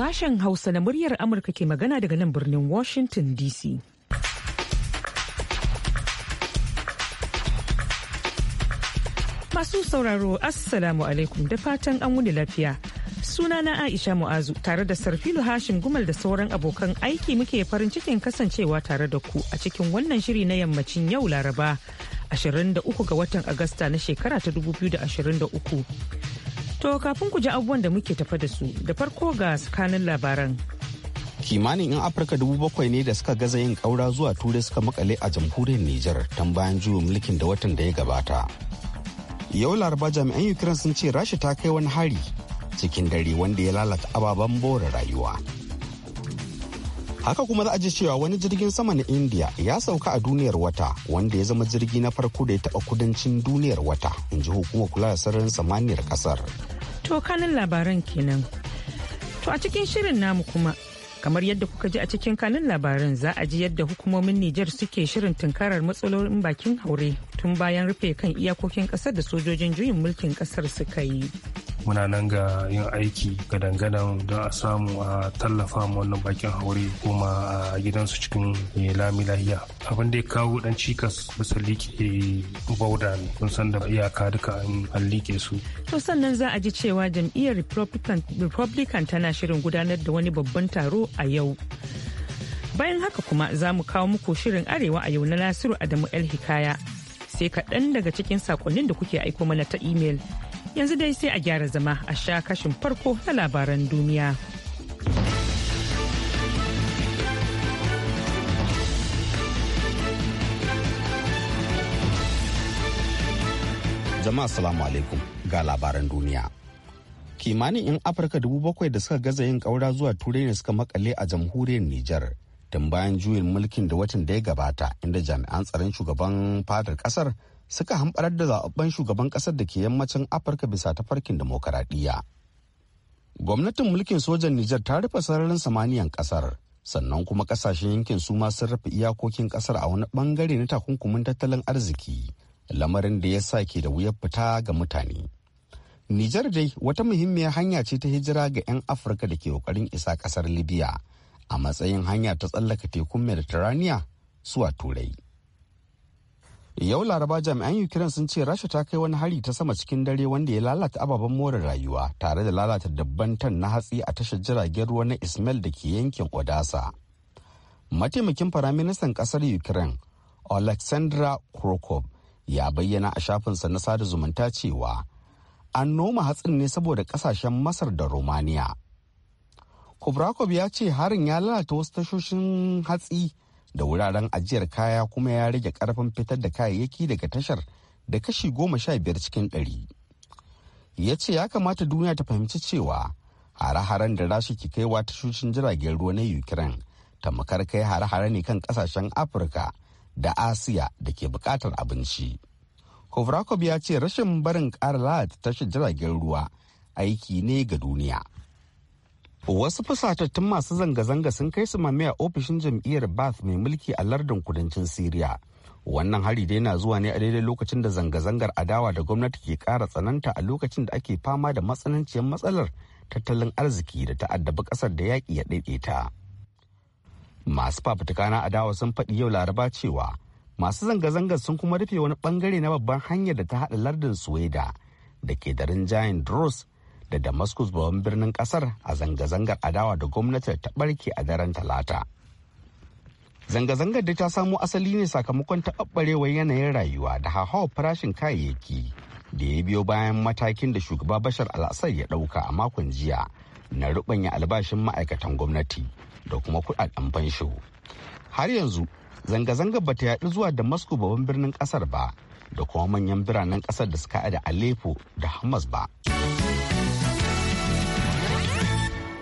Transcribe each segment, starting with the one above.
Sashen Hausa na muryar Amurka ke magana daga nan birnin Washington DC. Masu sauraro Assalamu alaikum da fatan an wuni lafiya. Sunana Aisha Mu'azu tare da Sarfilu Hashim Gumal da sauran abokan aiki muke farin cikin kasancewa tare da ku a cikin wannan shiri na yammacin yau Laraba 23 ga watan Agusta na shekara ta 2023. To kafin ku ji abubuwan da muke tafa da su da farko ga tsakanin labaran. Kimanin 'yan Afirka dubu bakwai ne da suka gaza yin ƙaura zuwa turai suka makale a jamhuriyar Nijar tun bayan juyin mulkin da watan da ya gabata. Yau laraba jami'an Ukraine sun ce Rasha ta kai wani hari cikin dare wanda ya lalata ababen bore rayuwa. haka kuma za a ji cewa wani jirgin sama na india ya sauka a duniyar wata wanda ya zama jirgi na farko da ya taɓa kudancin duniyar wata in ji hukumar kula da sararin samaniyar kasar To kanin labaran kenan. To a cikin shirin namu kuma kamar yadda kuka ji a cikin kanin labaran za a ji yadda hukumomin Nijar suke shirin tunkarar matsalolin bakin haure tun bayan rufe kan iyakokin kasar da sojojin juyin mulkin kasar suka yi. muna nan ga yin aiki ga dangadan don a samu a tallafa wannan bakin haure kuma a gidansu cikin lami lahiya abin da ya kawo dan cikas bisa liƙe bauda ne kun san da iyaka duka an liƙe su to sannan za a ji cewa jam'iyyar republican tana shirin gudanar da wani babban taro a yau bayan haka kuma za mu kawo muku shirin arewa a yau na nasiru adamu el hikaya sai kaɗan daga cikin sakonnin da kuke aiko mana ta imel. Yanzu dai sai a gyara zama a sha kashin farko na labaran duniya. Jama'a salamu alaikum ga labaran duniya. Kimanin 'yan Afirka dubu bakwai da suka gaza yin ƙaura zuwa turai ne suka makale a jamhuriyar Nijar. tun bayan juyin mulkin da watan da ya gabata inda jami'an tsaron shugaban fadar kasar suka hamɓarar da zaɓaɓɓen shugaban ƙasar da ke yammacin afirka bisa tafarkin demokaradiyya gwamnatin mulkin sojan nijar ta rufe sararin samaniyan ƙasar sannan kuma ƙasashen yankin su ma sun rufe iyakokin ƙasar a wani ɓangare na takunkumin tattalin arziki lamarin da ya sa ke da wuyar fita ga mutane nijar dai wata muhimmiyar hanya ce ta hijira ga 'yan afirka da ke ƙoƙarin isa ƙasar libya a matsayin hanya ta tsallaka tekun mediterania zuwa turai yau laraba jami'an ukraine sun ce rasha ta kai wani hari ta sama cikin dare wanda ya lalata ababen more rayuwa tare da lalata dabban tan na hatsi a tashar jiragen ruwa na ismail da ke yankin odasa mataimakin firaministan ƙasar ukraine alexandra Krokov, ya bayyana a shafinsa na sada zumunta cewa an noma hatsin ne saboda ƙasashen masar da romania kubrakov ya ce harin ya lalata wasu tashoshin hatsi da wuraren ajiyar kaya kuma ya rage karfin fitar da kayayyaki daga tashar da kashi goma sha biyar cikin ɗari. ya ce ya kamata duniya ta fahimci cewa hare-haren da rashi ke kaiwa tashoshin jiragen ruwa na ukraine tamakar kai hare-hare ne kan kasashen afirka da asiya da ke bukatar abinci kovrakov ya ce rashin barin ƙara lalata tashar jiragen ruwa aiki ne ga duniya Wasu fusatattun masu zanga-zanga sun kai su mamaya ofishin jam'iyyar Bath mai mulki a lardin kudancin Siriya. Wannan hari dai na zuwa ne a daidai lokacin da zanga-zangar adawa da gwamnati ke ƙara tsananta a lokacin da ake fama da matsananciyar matsalar tattalin arziki da ta'addabi ƙasar da yaƙi ya ta Masu fafutuka na adawa sun faɗi yau laraba cewa masu zanga-zangar sun kuma rufe wani bangare na babban hanyar da ta haɗa lardin Suweda da ke da rinjayen Dros da damascus babban birnin kasar a zanga-zangar adawa da gwamnatin ta barke a daren talata zanga-zangar da ta samo asali ne sakamakon taɓaɓɓarewa yanayin rayuwa da hauhawar farashin kayayyaki da ya biyo bayan matakin da shugaba bashar al'asar ya ɗauka a makon jiya na rubanya albashin ma'aikatan gwamnati da kuma kuɗaɗen fansho har yanzu zanga-zangar bata yaɗu zuwa da Moscow babban birnin ƙasar ba da kuma manyan biranen ƙasar da suka da Aleppo da Hamas ba.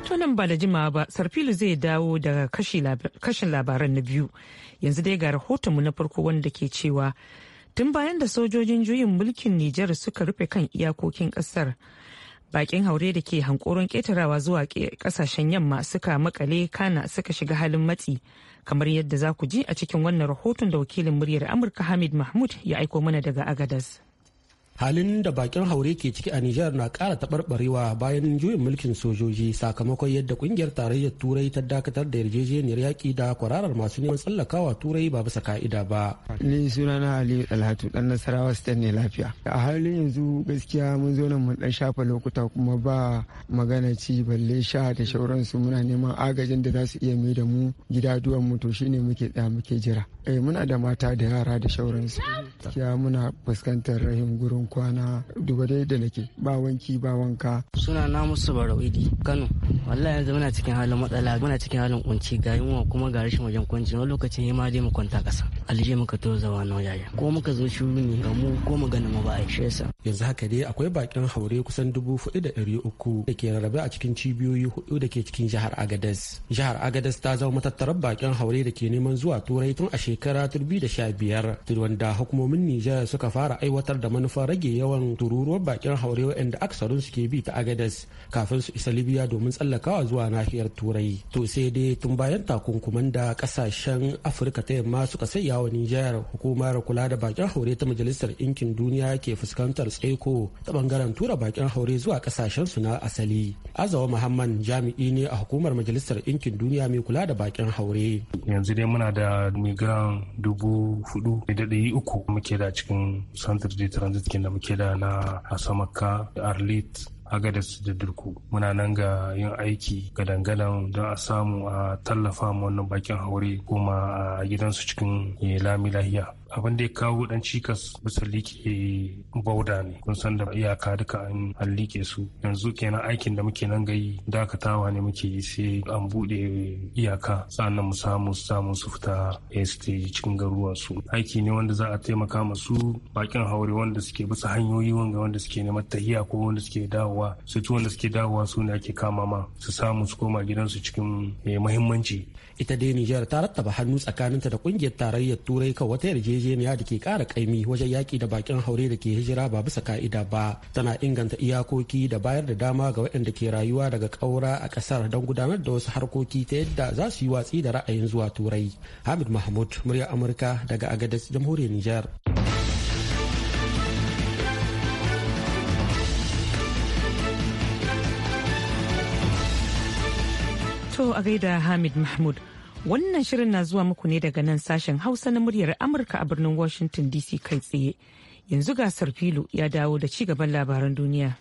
To nan ba da jimawa ba, Sarfilu zai dawo daga kashin labaran na biyu. Yanzu dai ga rahotonmu na farko wanda ke cewa tun bayan da sojojin juyin mulkin Nijar suka rufe kan iyakokin ƙasar. Bakin haure da ke hankoron ƙetarawa zuwa kasashen yamma suka makale kana suka shiga halin matsi. Kamar yadda za ku ji a cikin wannan rahoton da wakilin muryar Amurka Hamid Mahmud ya aiko mana daga Agadas. halin da bakin haure ke ciki a Nijar na kara taɓarɓarewa bayan juyin mulkin sojoji sakamakon yadda ƙungiyar tarayyar turai ta dakatar da yarjejeniyar yaƙi da kwararar masu neman tsallakawa turai ba bisa ka'ida ba. Ni suna na Aliyu Dalhatu dan Nasarawa Stan ne lafiya. A halin yanzu gaskiya mun zo nan mun ɗan shafa lokuta kuma ba magana ci balle sha da shauransu muna neman agajin da za su iya mai da mu gida duwan mu to shine muke tsaya muke jira. Eh muna da mata da yara da shauransu. Gaskiya muna fuskantar rahim gurin kwana duba dai da nake ba wanki ba wanka suna na musu idi kano wallahi yanzu muna cikin halin matsala muna cikin halin kunci ga yunwa kuma ga rashin wajen kwanci wani lokacin ya ma dai mu kwanta kasa alije muka to zawa na yaya ko muka zo shuru ne ga mu ko mu gani mu ba a ishe sa yanzu haka dai akwai bakin haure kusan dubu hudu da ɗari uku da ke rarrabe a cikin cibiyoyi hudu da ke cikin jihar agadas. jihar agadas ta zama matattarar bakin haure da ke neman zuwa turai tun a shekara 2015 wanda hukumomin nijar suka fara aiwatar da manufar rage yawan tururuwar bakin haure waɗanda aksarin suke bi ta agadas kafin su isa libya domin tsallakawa zuwa nahiyar turai to sai dai tun bayan takunkuman da kasashen afirka ta yamma suka sanya wa nijar hukumar kula da bakin haure ta majalisar ɗinkin duniya ke fuskantar tsaiko ta bangaren tura bakin haure zuwa kasashen su na asali azawa muhammad jami'i ne a hukumar majalisar ɗinkin duniya mai kula da bakin haure yanzu dai muna da migran dubu hudu da uku muke da cikin santar de transit kenan da muke da na asamaka da arlit agadas da durku muna nan ga yin aiki ga dangalan don a samu a tallafa wannan bakin haure kuma a gidansu cikin eh, lami lahiya abin da ya kawo dan cikas bisa ke bauda ne kun san da iyaka duka an hallike su yanzu kenan aikin da muke nan gayi dakatawa ne muke yi sai an bude iyaka sannan mu samu su samu su fita este cikin garuwa su aiki ne wanda za a taimaka masu bakin haure wanda suke bisa hanyoyi wanga wanda suke neman tahiya ko wanda suke dawowa su wanda suke dawowa su ne ake kama ma su samu su koma gidansu cikin eh, muhimmanci ita dai nijar ta rattaba hannu tsakaninta da kungiyar tarayyar turai kan wata yarjejeniya da ke kara kaimi wajen yaki da bakin haure da ke hijira ba bisa ka'ida ba tana inganta iyakoki da bayar da dama ga waɗanda ke rayuwa daga ƙaura a ƙasar don gudanar da wasu harkoki ta yadda za su yi watsi da ra'ayin zuwa turai hamid mahmud murya amurka daga agadas jamhuriyar nijar To a gaida Hamid Mahmud. Wannan shirin na zuwa muku ne daga nan sashen Hausa na muryar Amurka a birnin Washington DC kai tsaye. Yanzu gasar filo ya dawo da ci gaban labaran duniya.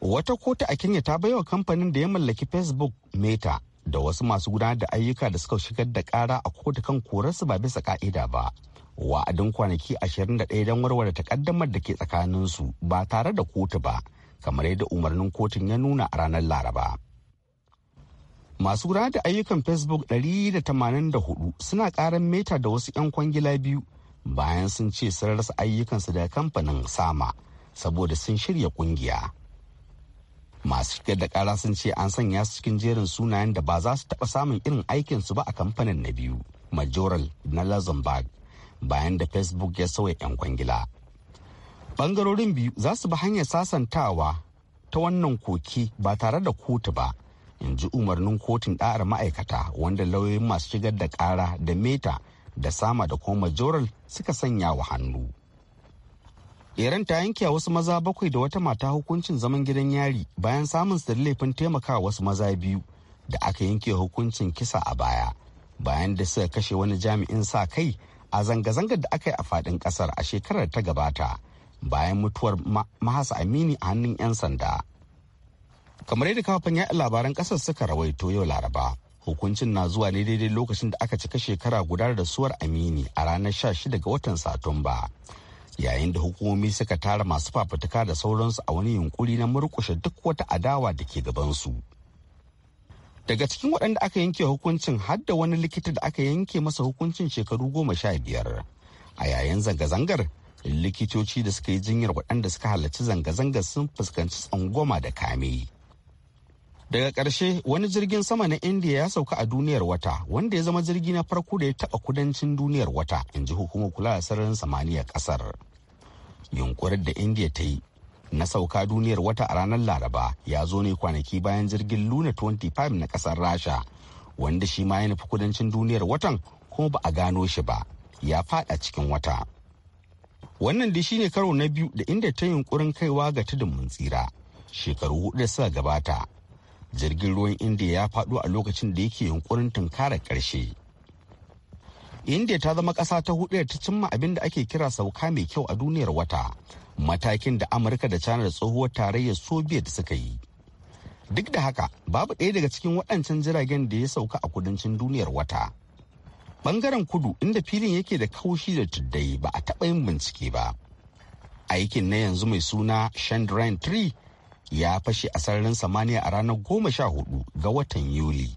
Wata kota a Kenya ta baiwa kamfanin da ya mallaki Facebook Meta da wasu masu gudanar da ayyuka da suka shigar da kara a kotu kan korarsu ba bisa ka'ida ba. Wa'adin kwanaki ashirin da 21 don warware takaddamar da ke tsakanin su ba tare da kotu ba, kamar yadda umarnin kotun ya nuna a ranar Laraba. masu gudanar da ayyukan facebook 184 suna karan meta da wasu 'yan kwangila biyu bayan sun ce sun rasa ayyukansu daga kamfanin sama saboda sun shirya kungiya masu shigar da kara sun ce an sanya su cikin jerin sunayen da ba za su taɓa samun irin aikinsu ba a kamfanin na biyu majoral na luxembourg bayan da facebook ya sauya 'yan kwangila bangarorin biyu za su bi hanyar sasantawa ta wannan koki ba tare da kotu ba in ji umarnin kotun ɗa'ar ma'aikata wanda lauyoyin masu shigar da ƙara da meta da sama da kuma majoral suka sanya wa hannu iran ta yanke a wasu maza bakwai da wata mata hukuncin zaman gidan yari bayan samun da laifin taimakawa wasu maza biyu da aka yanke hukuncin kisa a baya bayan da suka kashe wani jami'in sa kai a zanga-zangar da aka yi a fadin kasar a shekarar ta gabata bayan mutuwar mahasa amini a hannun 'yan sanda kamar yadda kafin ya labaran kasar suka rawaito yau laraba hukuncin na zuwa ne daidai lokacin da aka cika shekara guda da suwar amini a ranar 16 ga watan satumba yayin da hukumomi suka tara masu fafutuka da sauransu a wani yunkuri na murkushe duk wata adawa da ke gabansu daga cikin waɗanda aka yanke hukuncin har da wani likita da aka yanke masa hukuncin shekaru goma sha biyar a yayin zanga-zangar likitoci da suka yi jinyar waɗanda suka halarci zanga-zangar sun fuskanci tsangwama da kame daga ƙarshe wani jirgin sama na india ya sauka a duniyar wata wanda ya zama jirgi na farko da ya taɓa kudancin duniyar wata in ji hukumar kula da sararin samaniya ƙasar yunkurin da india ta yi na sauka duniyar wata a ranar laraba ya zo ne kwanaki bayan jirgin luna 25 na ƙasar rasha wanda shi ma ya nufi kudancin duniyar watan kuma ba a gano shi ba ya faɗa cikin wata wannan da shine karo na biyu da inda ta yunkurin kaiwa ga tudun mun tsira shekaru hudu da suka gabata jirgin ruwan india ya faɗo a lokacin da yake yunkurin tunkarar ƙarshe india ta zama ƙasa ta hudu da ta cimma abin da ake kira sauka mai kyau a duniyar wata matakin da amurka da china da tsohuwar tarayyar soviet suka yi duk da haka babu ɗaya daga cikin waɗancan jiragen da ya sauka a kudancin duniyar wata bangaren kudu inda filin yake da kaushi da tuddai ba a taɓa yin bincike ba aikin na yanzu mai suna shandrine ya fashe a sararin samaniya a ranar goma sha hudu ga watan Yuli.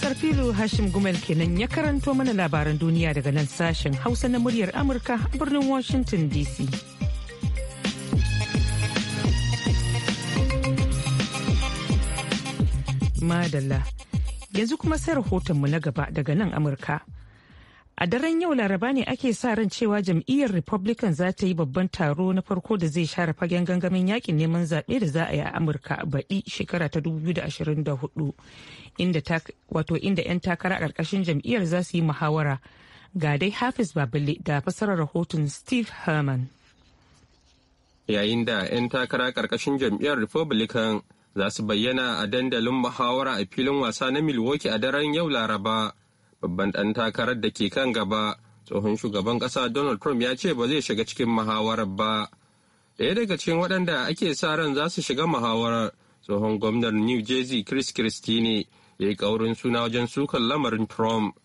Sarfilu Hashim Gumel kenan ya karanto mana labaran duniya daga nan sashen Hausa na muryar Amurka a birnin Washington DC. Madalla. Yanzu kuma sai rahotonmu na gaba daga nan Amurka. A daren yau laraba ne ake sa ran cewa jam'iyyar Republican za ta yi babban taro na farko da zai share fagen gangamin yakin neman zaɓe da za a yi a Amurka baɗi shekara ta 2024 inda wato inda 'yan takara a ƙarƙashin jam'iyyar za su yi muhawara. Ga dai Hafiz Babale da fasarar rahoton Steve Herman. Yayin da 'yan takara ƙarƙashin jam'iyyar Republican za su bayyana a dandalin muhawara a filin wasa na milwaukee a daren yau laraba babban ɗan takarar da ke kan gaba tsohon shugaban ƙasa donald trump ya ce ba zai shiga cikin muhawarar ba ɗaya daga cikin waɗanda ake sa ran za su shiga muhawarar tsohon gwamnar new jersey chris christie ne ya yi ƙaurin suna wajen sukan lamarin trump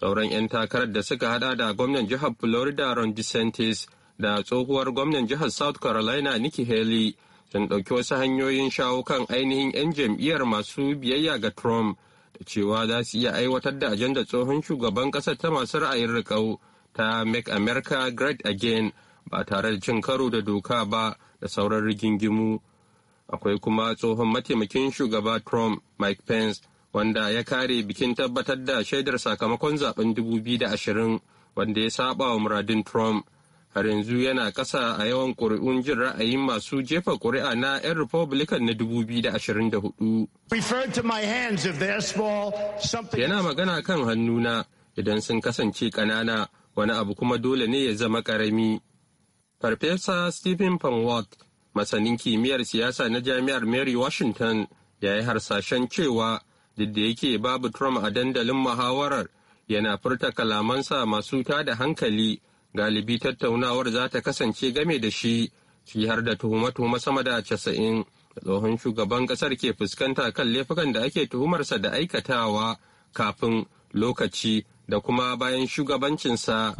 sauran 'yan takarar da suka haɗa da gwamnan jihar florida ron desantis da tsohuwar gwamnan jihar south carolina nikki haley tun ɗauki wasu hanyoyin shawo kan ainihin 'yan jam'iyyar masu biyayya ga Trump da cewa za su iya aiwatar da ajandar tsohon shugaban ƙasar ta masu ra'ayin riƙau ta Make America Great Again ba tare da cin karo da doka ba da sauran rigingimu. Akwai kuma tsohon mataimakin shugaba Trump Mike Pence wanda ya kare bikin tabbatar da shaidar sakamakon zaben 2020 wanda ya saba wa muradin Trump. har yanzu yana ƙasa a yawan ƙuri'un jin ra'ayin masu jefa ƙuri'a na 'yan Republican na 2024. Yana magana kan hannuna idan sun kasance ƙanana wani abu kuma dole ne ya zama ƙarami. Farfesa Stephen Panwat, masanin kimiyyar siyasa na jami'ar Mary Washington, ya yi harsashen cewa duk da yake babu Trump a dandalin muhawarar yana furta kalamansa masu tada hankali. galibi tattaunawar za ta kasance game da shi shi har da tuhume-tuhume sama da casa'in da tsohon shugaban kasar ke fuskanta kan laifukan da ake tuhumarsa da aikatawa kafin lokaci da kuma bayan shugabancinsa.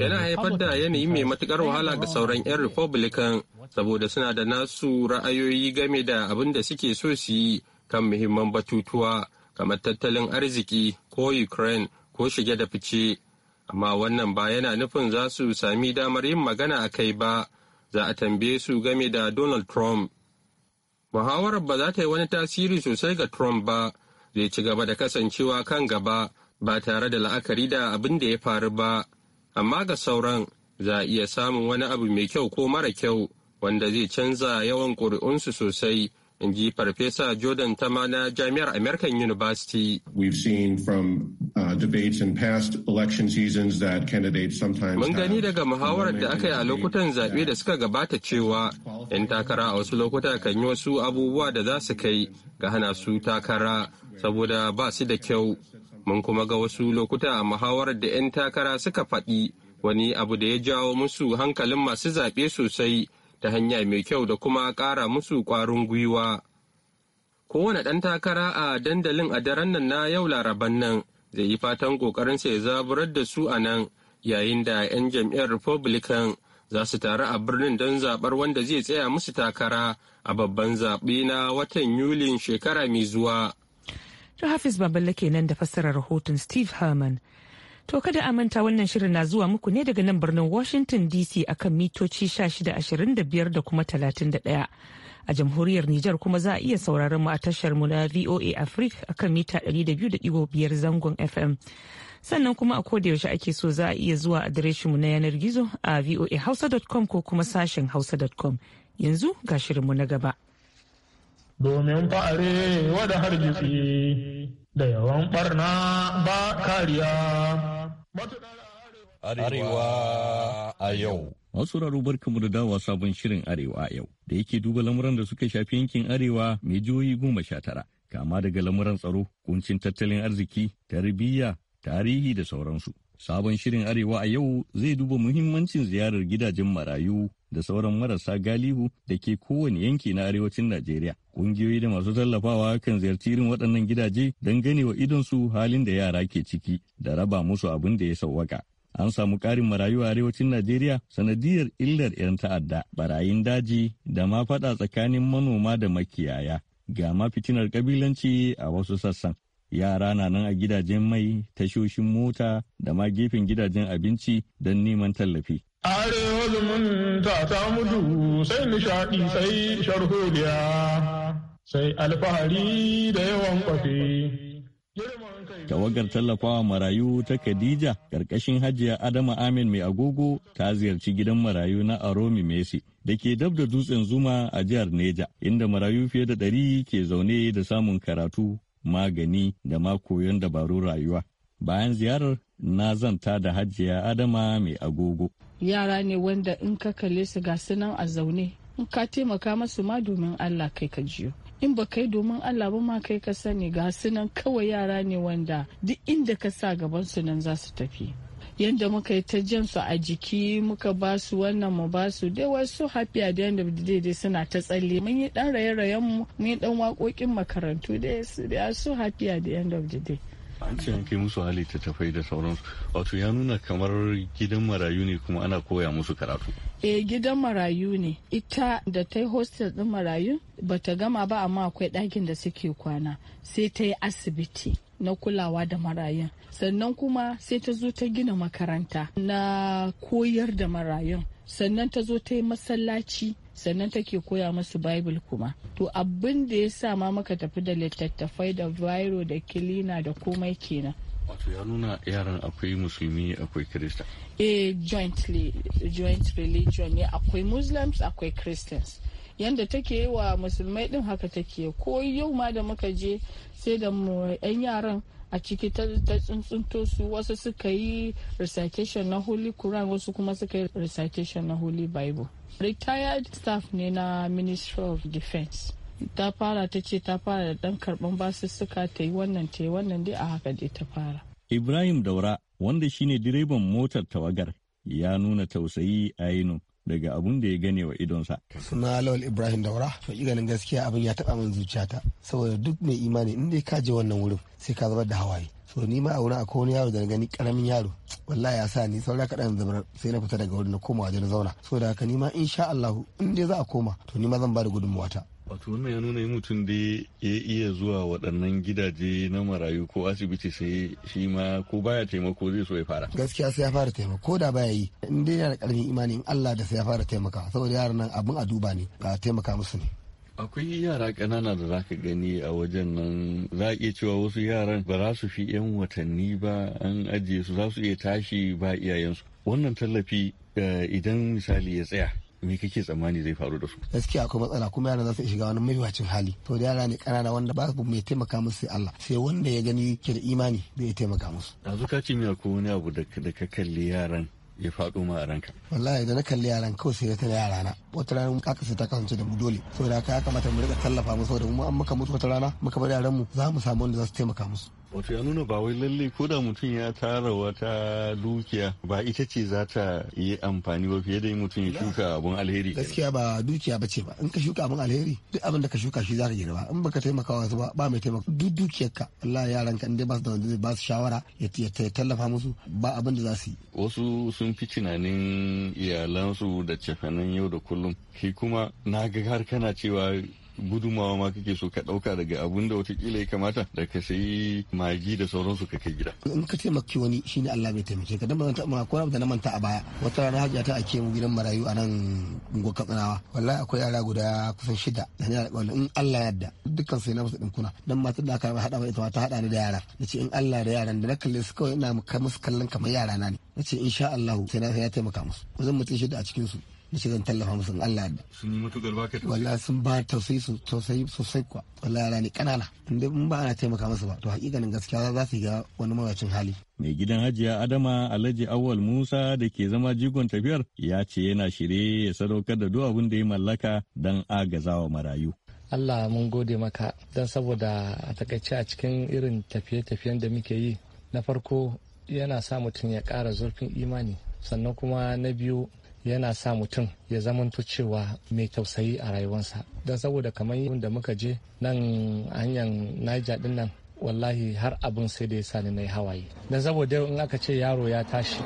Yana haifar da yanayi mai matukar wahala ga sauran 'yan Republican saboda suna da nasu ra'ayoyi game da abin da suke so su yi kan muhimman batutuwa kamar tattalin arziki ko Ukraine ko shige da fice amma wannan ba yana nufin za su sami damar yin magana a kai ba za a tambaye su game da donald trump muhawarar ba za ta yi wani tasiri sosai ga trump ba zai ci gaba da kasancewa kan gaba ba tare da la'akari da abin da ya faru ba amma ga sauran za a iya samun wani abu mai kyau ko mara kyau wanda zai canza yawan ƙuri'unsu sosai in ji Farfesa Jordan Tama na Jami'ar American University. We've seen from uh, debates in past election seasons that candidates sometimes Mun gani daga muhawarar da aka yi a lokutan zaɓe da suka gabata cewa 'yan takara a wasu lokuta kan yi wasu abubuwa da za su kai ga hana su takara saboda ba su da kyau. Mun kuma ga wasu lokuta a muhawarar da 'yan takara suka faɗi wani abu da ya jawo musu hankalin masu zaɓe sosai ta hanya mai kyau da kuma ƙara musu ƙwarin gwiwa. Kowane ɗan takara a dandalin a daren nan na yau laraban nan zai yi fatan ƙoƙarin ya zaburar da su a nan yayin da 'yan jam'iyyar Republican za su taru a birnin don zaɓar wanda zai tsaya musu takara a babban zaɓe na watan Yulin shekara mai zuwa. Hafiz Baballe nan da fassarar rahoton Steve Herman. To kada a manta wannan shirin na zuwa muku ne daga nan birnin Washington DC akan mitoci 1625 da kuma 31. A jamhuriyar Nijar kuma za a iya sauraron mu a tashar mu na VOA Africa akan mita 200.5 zangon FM. Sannan kuma a koda yaushe ake so za a iya zuwa adireshin mu na yanar gizo a voahausa.com ko kuma sashen hausa.com. Yanzu ga mu na gaba. Domin fa'are wada hargitsi da yawan barna ba kariya. Arewa a yau. Masu rarubar da dawa sabon shirin Arewa a yau da yake duba lamuran da suka shafi yankin Arewa mai jihohi goma sha tara. Kama daga lamuran tsaro, kuncin tattalin arziki, tarbiyya, tarihi da sauransu. Sabon shirin Arewa a yau zai duba muhimmancin ziyarar gidajen marayu da sauran marasa galihu da ke kowane yanki na arewacin Najeriya. Ƙungiyoyi da masu tallafawa kan ziyarci irin waɗannan gidaje don ganewa idonsu halin da yara ke ciki da raba musu abin da ya sauwaka. An samu ƙarin marayu a arewacin Najeriya sanadiyar illar 'yan ta'adda, barayin daji da ma faɗa tsakanin manoma da makiyaya. Ga ma fitinar ƙabilanci a wasu sassan. yara na nan a gidajen mai tashoshin mota da ma gefen gidajen abinci don neman tallafi. Arewa zumun ta ta mudu sai nishaɗi sai sharholiya sai alfahari da yawan kwafe. Tawagar tallafawa marayu ta Khadija ƙarƙashin hajiya Adama Amin mai agogo ta ziyarci gidan marayu na Aromi Messi da ke dab da dutsen zuma a jihar Neja inda marayu fiye da ɗari ke zaune da samun karatu, magani da ma koyon dabarun rayuwa. Bayan ziyarar na zanta da hajiya Adama mai agogo. yara ne wanda in ka kalle su ga su nan a zaune in ka taimaka masu ma domin allah kai ka jiyo in ba kai domin Allah ba ma kai ka sani ga su nan kawai yara ne wanda duk inda ka sa gaban su nan za su tafi yadda muka yi ta jan su a jiki muka ba su wannan mu ba su dai wasu happy at the end of dai suna ta tsalle mun yi dan raye-rayen mu mun yi dan waƙoƙin makarantu dai su happy at the end of the day an ce an musu hali ta tafai da sauransu wato ya nuna kamar gidan marayu ne kuma ana koya musu karatu eh gidan marayu ne ita da ta yi hostel din marayu bata gama ba amma akwai ɗakin da suke kwana sai ta yi asibiti na kulawa da marayun sannan kuma sai ta zo ta gina makaranta na koyar da marayun sannan ta zo ta yi masallaci sannan take koya masu bible kuma to abin da ya sa ma muka tafi da littattafai da biro da kilina da komai kenan wato ya nuna yaran akwai musulmi akwai krista eh joint religion ne akwai muslims akwai christians yanda take yi wa musulmai din haka take ko yau ma da muka je sai da yan yaran a ciki ta tsuntsunto su wasu suka yi recitation na holy quran wasu kuma suka yi recitation na holy bible retired staff ne na ministry of defense ta fara ta ce ta fara da dan karban basussuka ta yi wannan ta yi wannan dai a haka dai ta fara ibrahim daura wanda shine direban motar tawagar ya nuna tausayi a yinu daga abun da ya gane wa idonsa. suna lawal ibrahim daura to ganin gaskiya abin ya taba min zuciyata saboda duk mai imani in dai ka je wannan wurin sai ka zubar da hawaye so ni ma a wurin akwai wani yaro da na gani karamin yaro wallahi ya sa ni saura kaɗan zama sai na fita daga wurin na koma waje na zauna so da haka ni ma insha Allah in dai za a koma to ni ma zan ba da gudunmuwata wato wannan ya nuna mutum da ya iya zuwa waɗannan gidaje na marayu ko asibiti sai shi ma ko baya taimako zai so ya fara gaskiya sai ya fara taimako ko da baya yi in dai yana da ƙarfin imani in Allah da sai ya fara taimaka saboda yaran nan abin a duba ne ga taimaka musu ne akwai yara ƙanana da zaka gani a wajen nan za a iya cewa wasu yaran ba za su fi 'yan watanni ba an ajiye su za su iya tashi ba iyayensu wannan tallafi eh, idan misali ya tsaya me kake tsammani zai faru da su gaskiya akwai matsala kuma yaran za su shiga wani mahiwacin hali to da yara ne kanana wanda ba su mai taimaka musu sai Allah sai wanda ya gani ke da imani zai taimaka musu yanzu ka ce ko wani abu da ka kalli yaran ya faɗo ma a ranka wallahi da na kalli yaran kawai sai ta yara na wata rana kaka sai ta kasance da mu dole saboda haka ya kamata mu rika tallafa musu saboda mu an muka mutu wata rana muka bar yaran mu za mu samu wanda za su taimaka musu wato ya nuna ba wai lalle ko da mutum ya tara wata dukiya ba ita ce za ta yi amfani ba fiye da mutum ya shuka abun alheri gaskiya ba dukiya ba ce ba in ka shuka abun alheri duk abin da ka shuka shi za ka girba in baka taimaka wasu ba ba mai taimaka duk dukiyar ka Allah yaran ka inda ba su da wanda ba su shawara ya tallafa musu ba abin da za su yi wasu sun fi tunanin iyalansu da cefanen yau da kullum shi kuma na ga har kana cewa gudumawa ma kake so ka ɗauka daga abun da watakila ya kamata da ka sayi magi da sauransu ka kai gida. In ka taimaki wani shine Allah bai taimake ka dan ban taɓa ko na manta a baya wata rana hajiya ta ake mu gidan marayu a nan gungun Katsinawa wallahi akwai yara guda kusan shida da ni alƙawarin in Allah yarda dukkan sai na musu dinkuna dan matar da aka haɗa ita ta haɗa ni da yara nace in Allah da yaran da na kalle su kawai ina musu kallon kamar yara na ne nace insha Allah sai na ya taimaka musu zan mutum shida a cikin su da shi zan tallafa musu Allah da sun yi matukar baka wallahi sun ba tausayi sosai kuwa wallahi yara ƙanana kanana inda mun ba ana taimaka musu ba to hakikanin gaskiya za su ga wani mawacin hali mai gidan hajiya adama alhaji awal musa da ke zama jigon tafiyar ya ce yana shirye ya sadaukar da duk abin da ya mallaka don agazawa marayu Allah mun gode maka don saboda a takaice a cikin irin tafiye-tafiyen da muke yi na farko yana sa mutum ya kara zurfin imani sannan kuma na biyu yana sa mutum ya zamanto cewa mai tausayi a rayuwarsa don saboda kamar yin da muka je nan hanyar niger din nan wallahi har abin sai da ya sa ni na hawaye don saboda in aka ce yaro ya tashi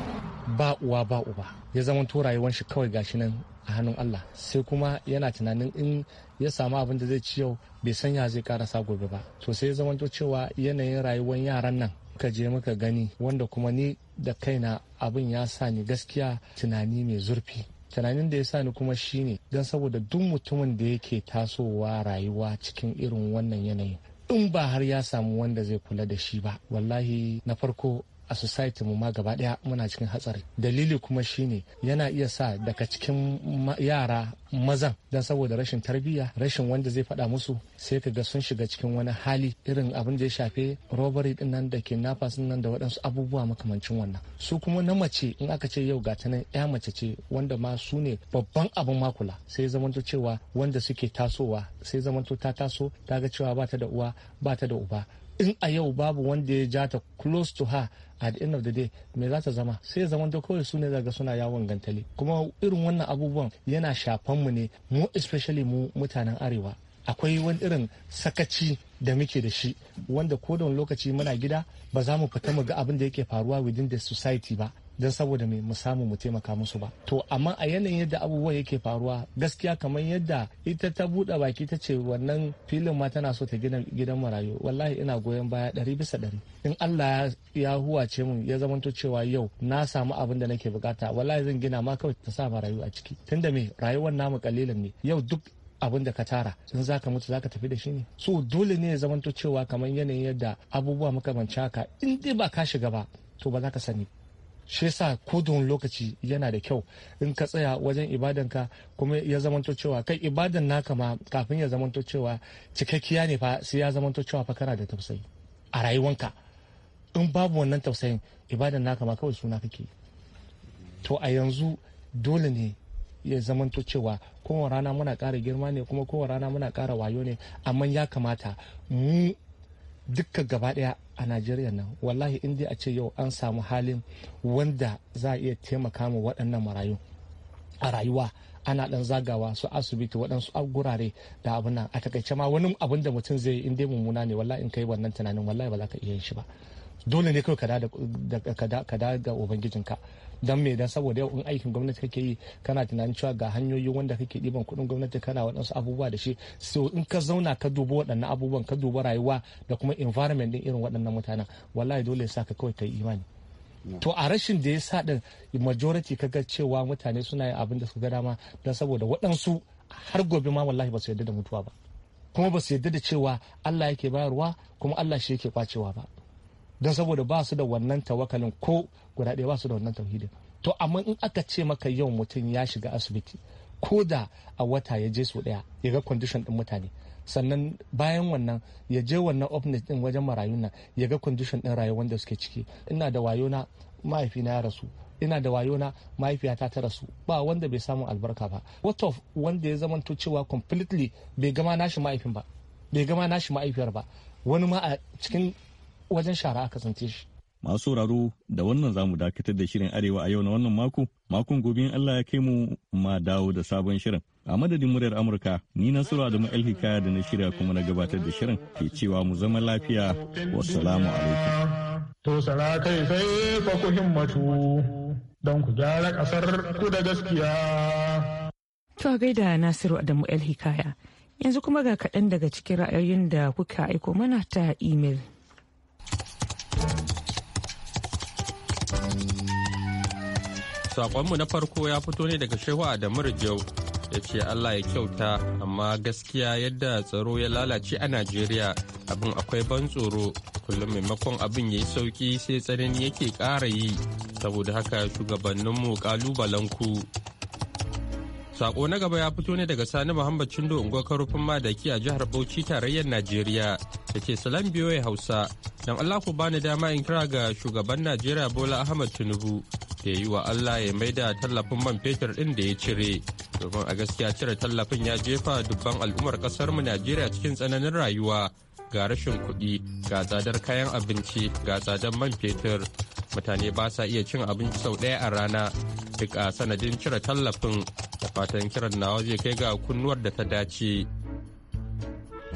ba uwa ba uba ya zamanto rayuwar shi kawai gashi nan a hannun Allah sai kuma yana tunanin in ya samu abin da zai ci yau bai sanya zai karasa gobe ba to sai ya zamanto cewa yanayin rayuwar yaran nan ka je muka gani wanda kuma ni da kaina abin ya sa ni gaskiya tunani mai zurfi tunanin da ya sa ni kuma shine don saboda duk mutumin da yake tasowa rayuwa cikin irin wannan yanayin in ba har ya samu wanda zai kula da shi ba wallahi na farko a society mu ma gaba daya muna cikin hatsari dalili kuma shine yana iya sa daga cikin yara mazan don saboda rashin tarbiyya rashin wanda zai faɗa musu sai ka ga sun shiga cikin wani hali irin abin da ya shafe robbery din nan da nafasin nan da wadansu abubuwa makamancin wannan su kuma na mace in aka ce yau gata nan ya mace ce wanda ma su ne babban abin makula sai zamanto cewa wanda suke tasowa sai zamanto ta taso ta ga cewa ba ta da uwa ba ta da uba in a yau babu wanda ya ja ta close to her at the end of the day me za ta zama sai zaman da kawai su ne zaga suna yawon gantali kuma irin wannan abubuwan yana shafan mu ne mu especially mu mutanen arewa akwai wani irin sakaci da muke da shi wanda ko da lokaci muna gida ba za mu fita mu ga abin da yake faruwa within the society ba don saboda mai mu samu mu taimaka musu ba to amma a yanayin yadda abubuwa yake faruwa gaskiya kamar yadda ita ta buɗe baki ta ce wannan filin ma tana so ta gina gidan marayu wallahi ina goyon baya ɗari bisa ɗari in Allah ya huwace mu ya zamanto cewa yau na samu abin da nake bukata wallahi zan gina ma kawai ta sa marayu a ciki tunda me rayuwar namu kalilan ne yau duk abin da ka tara in za ka mutu za ka tafi da shi ne so dole ne ya zamanto cewa kamar yanayin yadda abubuwa makamanci haka in dai ba ka shiga ba to ba za ka sani shi sa kodin lokaci yana da kyau in ka tsaya wajen ibadanka kuma ya zamanto cewa kai ibadan naka ma kafin ya zamanto cewa cikakkiya ne fa sai ya zamanto cewa fa kana da tausayi a rayuwanka in babu wannan tausayin ibadan naka ma kawai suna kake to a yanzu dole ne ya zamanto cewa kowane rana muna ƙara girma ne kuma kowane rana muna ƙara wayo ne amma ya kamata mu dukka gaba daya a najeriya nan wallahi in dai a ce yau an samu halin wanda za a iya taimaka ma waɗannan marayu a rayuwa ana dan zagawa su asibiti waɗansu gurare da abin nan a takaice ma wani abin da mutum zai in dai mummuna ne wallahi in kai wannan tunanin wallahi ba za ka iya yin shi ba dole ne kawai ka da ga ubangijinka don me dan saboda yau in aikin gwamnati kake yi kana tunanin cewa ga hanyoyi wanda kake ɗiban kuɗin gwamnati kana waɗansu abubuwa da shi so in ka zauna ka duba waɗannan abubuwan ka duba rayuwa da kuma environment din irin waɗannan mutanen wallahi dole sa ka kawai ka yi imani to a rashin da ya sa din majority kaga cewa mutane suna yin abin da suka ga dama don saboda waɗansu har gobe ma wallahi ba su yarda da mutuwa ba kuma ba su yarda da cewa Allah yake bayarwa kuma Allah shi yake kwacewa ba don saboda ba su da wannan tawakalin ko guda ɗaya ba su da wannan tauhidin to amma in aka ce maka yau mutum ya shiga asibiti ko da a wata ya je su ɗaya ya ga kwandishan ɗin mutane sannan bayan wannan ya je wannan ofnet ɗin wajen marayun nan ya ga kwandishan ɗin rayuwar da suke ciki ina da wayona mahaifina ya rasu ina da wayona mahaifiyata ta rasu ba wanda bai samu albarka ba what of wanda ya zamanto cewa completely bai gama nashi mahaifin ba bai gama nashi mahaifiyar ba wani ma a cikin wajen shara aka tsince shi masu sauraro da wannan za mu dakatar da shirin arewa a yau na wannan mako makon gobe in Allah ya kai mu ma dawo da sabon shirin a madadin muryar amurka ni na sura da ma'al hikaya da na shirya kuma na gabatar da shirin ke cewa mu zama lafiya wa salamu alaikum to sala kai sai fa ku himmatu don ku gyara kasar ku da gaskiya to gaida nasiru adamu el hikaya yanzu kuma ga kaɗan daga cikin ra'ayoyin da kuka aiko mana ta imel. Sakonmu na farko ya fito ne daga Shehu Adamu Rijau ya ce Allah ya kyauta amma gaskiya yadda tsaro ya lalace a Najeriya abin akwai ban tsoro kullum maimakon abin ya yi sauki sai tsanani yake ƙara yi saboda haka shugabanninmu ƙalubalen ku Sako na gaba ya fito ne daga Sani Muhammad Cindo Ungo Karufin Madaki a jihar Bauchi tarayyar Najeriya da ke salam biyoyi Hausa. Don Allah ku bani dama in kira ga shugaban Najeriya Bola Ahmad Tinubu da yi wa Allah ya mai da tallafin man fetur ɗin da ya cire. Domin a gaskiya cire tallafin ya jefa dubban al'ummar kasar mu Najeriya cikin tsananin rayuwa ga rashin kuɗi ga tsadar kayan abinci ga tsadar man fetur. Mutane ba sa iya cin abinci sau ɗaya a rana duk a sanadin cire tallafin fatan kiran nawa zai kai ga kunnuwar da ta dace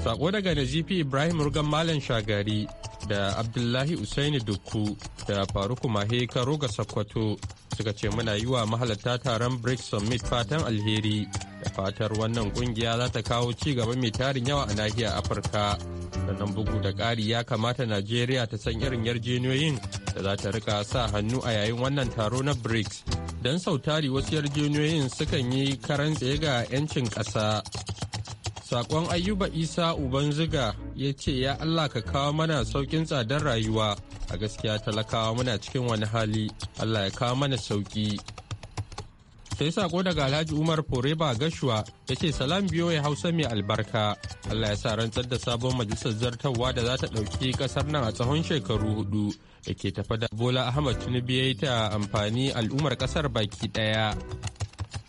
sako daga nazifi ibrahim rugan malam shagari da abdullahi usaini dukku da faruku mahe karo ga sakkwato suka ce muna yi wa mahalarta taron brics summit fatan alheri da fatar wannan kungiya za ta kawo ci gaba mai tarin yawa a nahiyar afirka sannan bugu da ƙari ya kamata najeriya ta san irin yarjejeniyoyin da za ta rika sa hannu a yayin wannan taro na brics don sautari wasu yarjejeniyoyin sukan yi karan tsaye ga 'yancin ƙasa. saƙon Ayuba Isa Ubanziga ya ce ya Allah ka kawo mana sauƙin tsadar rayuwa a gaskiya talakawa muna cikin wani hali Allah ya kawo mana sauƙi. sai sako daga alhaji umar foreba gashuwa ya ce salam biyo ya hausa mai albarka allah ya sa rantsar da sabon majalisar zartarwa da za ta ɗauki ƙasar nan a tsawon shekaru hudu da ke tafa da bola ahmad tinubu ya yi ta amfani al'ummar ƙasar baki ɗaya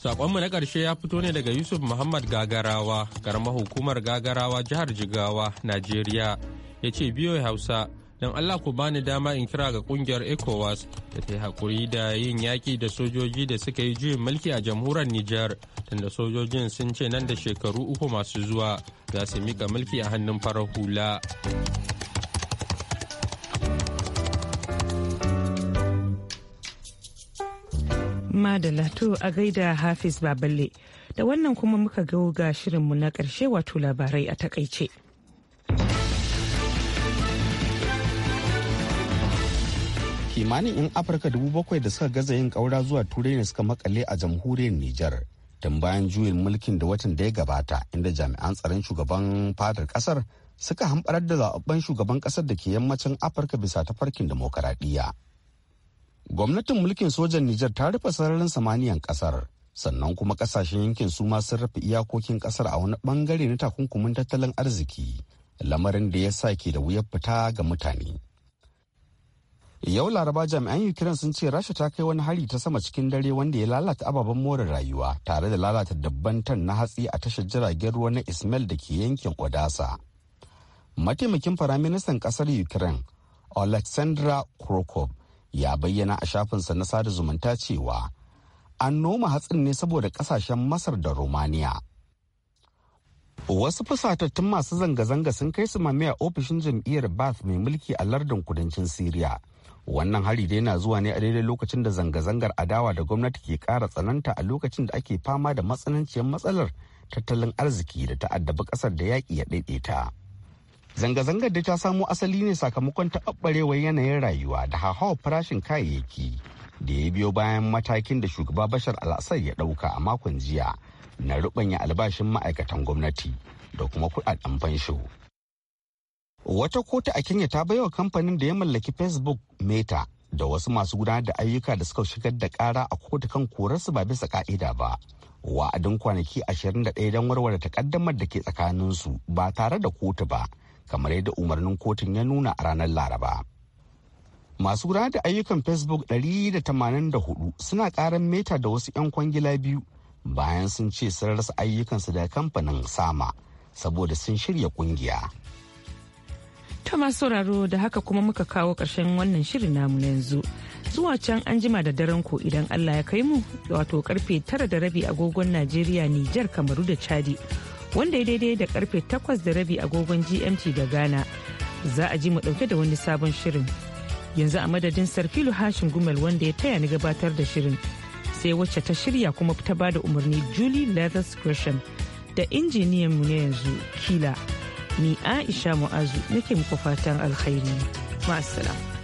Sakonmu na ƙarshe ya fito ne daga Yusuf Muhammad Gagarawa, karamar hukumar Gagarawa jihar Jigawa, Najeriya. Ya ce biyo ya Hausa, don Allah ku bani dama in kira ga kungiyar ECOWAS da ta yi haƙuri da yin yaƙi da sojoji da suka yi juyin mulki a jamhuriyar Nijar, tunda sojojin sun ce nan da shekaru uku masu zuwa za su mika mulki a hannun farar hula. Madala to a gaida Hafiz Baballe, da wannan kuma muka ga shirinmu na ƙarshe wato labarai a takaice. kimanin 'yan afirka dubu bakwai da suka gaza yin kaura zuwa turai ne suka makale a jamhuriyar nijar tun bayan juyin mulkin da watan da ya gabata inda jami'an tsaron shugaban fadar kasar suka hamɓarar da zaɓaɓɓen shugaban kasar da ke yammacin afirka bisa ta farkin demokaradiyya gwamnatin mulkin sojan nijar ta rufe sararin samaniyan kasar sannan kuma kasashen yankin su ma sun rufe iyakokin kasar a wani bangare na takunkumin tattalin arziki lamarin da ya sa ke da wuyar fita ga mutane yau laraba jami'an ukraine sun ce rasha ta kai wani hari ta sama cikin dare wanda ya lalata ababen more rayuwa tare da lalata dabban tan na hatsi a tashar jiragen ruwa na ismail da ke yankin odasa mataimakin firaministan kasar ukraine alexandra krokov ya bayyana a shafinsa na sada zumunta cewa an noma hatsin ne saboda kasashen masar da romania Wasu fusatattun masu zanga-zanga sun kai su mamaya ofishin jam'iyyar Bath mai mulki a lardin kudancin Siriya wannan hari dai na zuwa ne a daidai lokacin da zanga-zangar adawa da gwamnati ke kara tsananta a lokacin da ake fama da matsananciyar matsalar tattalin arziki da ta'addabi kasar da yaƙi ya daidaita zanga-zangar da ta samo asali ne sakamakon taɓaɓɓarewa yanayin rayuwa da hauhawar farashin kayayyaki da ya biyo bayan matakin da shugaba bashar al'asar ya ɗauka a makon jiya na ruɓanya albashin ma'aikatan gwamnati da kuma kuɗaɗen fansho wata kotu a kenya ta baiwa kamfanin da ya mallaki facebook meta da wasu masu gudanar da ayyuka da suka shigar da kara a kotu kan korarsu ba bisa ka'ida ba wa'adin kwanaki 21 don warware takaddamar da ke tsakaninsu ba tare da kotu ba kamar yadda umarnin kotun ya nuna a ranar laraba masu gudanar da ayyukan facebook 184 suna karan meta da wasu 'yan kwangila biyu bayan sun ce sun rasa ayyukansu da kamfanin sama saboda sun shirya kungiya ta masu sauraro da haka kuma muka kawo ƙarshen wannan shirin namu na yanzu zuwa can an jima da daren ku idan allah ya kai mu wato karfe tara da rabi agogon najeriya nijar kamaru da chadi wanda ya daidai da karfe takwas da rabi agogon gmt da ghana za a ji mu ɗauke da wani sabon shirin yanzu a madadin sarfilu hashim gumel wanda ya taya ni gabatar da shirin sai wacce ta shirya kuma ta bada umarni julie leathers gresham da injiniyan mu na yanzu kila ni aisha mu'azu nake muku fatan alkhairi ma'assalam